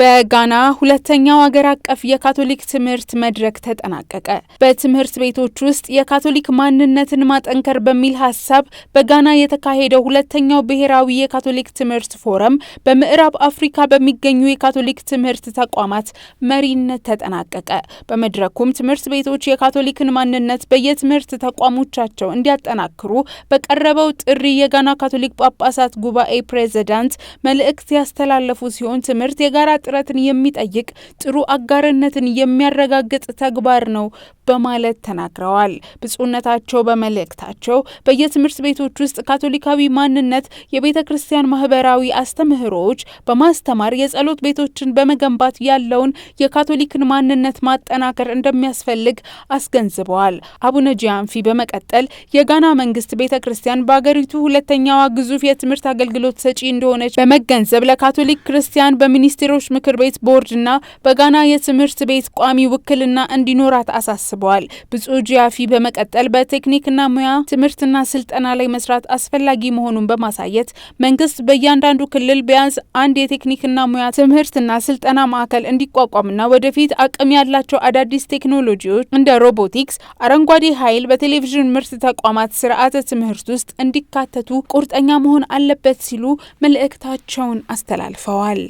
በጋና ሁለተኛው አገር አቀፍ የካቶሊክ ትምህርት መድረክ ተጠናቀቀ። በትምህርት ቤቶች ውስጥ የካቶሊክ ማንነትን ማጠንከር በሚል ሀሳብ በጋና የተካሄደው ሁለተኛው ብሔራዊ የካቶሊክ ትምህርት ፎረም በምዕራብ አፍሪካ በሚገኙ የካቶሊክ ትምህርት ተቋማት መሪነት ተጠናቀቀ። በመድረኩም ትምህርት ቤቶች የካቶሊክን ማንነት በየትምህርት ተቋሞቻቸው እንዲያጠናክሩ በቀረበው ጥሪ የጋና ካቶሊክ ጳጳሳት ጉባኤ ፕሬዚዳንት መልእክት ያስተላለፉ ሲሆን ትምህርት የጋራ ጥረትን የሚጠይቅ ጥሩ አጋርነትን የሚያረጋግጥ ተግባር ነው። በማለት ተናግረዋል። ብፁዕነታቸው በመልእክታቸው በየትምህርት ቤቶች ውስጥ ካቶሊካዊ ማንነት የቤተ ክርስቲያን ማህበራዊ አስተምህሮዎች በማስተማር የጸሎት ቤቶችን በመገንባት ያለውን የካቶሊክን ማንነት ማጠናከር እንደሚያስፈልግ አስገንዝበዋል። አቡነ ጂያንፊ በመቀጠል የጋና መንግስት ቤተ ክርስቲያን በአገሪቱ ሁለተኛዋ ግዙፍ የትምህርት አገልግሎት ሰጪ እንደሆነች በመገንዘብ ለካቶሊክ ክርስቲያን በሚኒስቴሮች ምክር ቤት ቦርድና በጋና የትምህርት ቤት ቋሚ ውክልና እንዲኖራት አሳስበዋል። አሳስበዋል። ብፁዕ ጂያፊ በመቀጠል በቴክኒክና ሙያ ትምህርትና ስልጠና ላይ መስራት አስፈላጊ መሆኑን በማሳየት መንግስት በእያንዳንዱ ክልል ቢያንስ አንድ የቴክኒክና ሙያ ትምህርትና ስልጠና ማዕከል እንዲቋቋምና ወደፊት አቅም ያላቸው አዳዲስ ቴክኖሎጂዎች እንደ ሮቦቲክስ፣ አረንጓዴ ኃይል በቴሌቪዥን ምርት ተቋማት ስርዓተ ትምህርት ውስጥ እንዲካተቱ ቁርጠኛ መሆን አለበት ሲሉ መልእክታቸውን አስተላልፈዋል።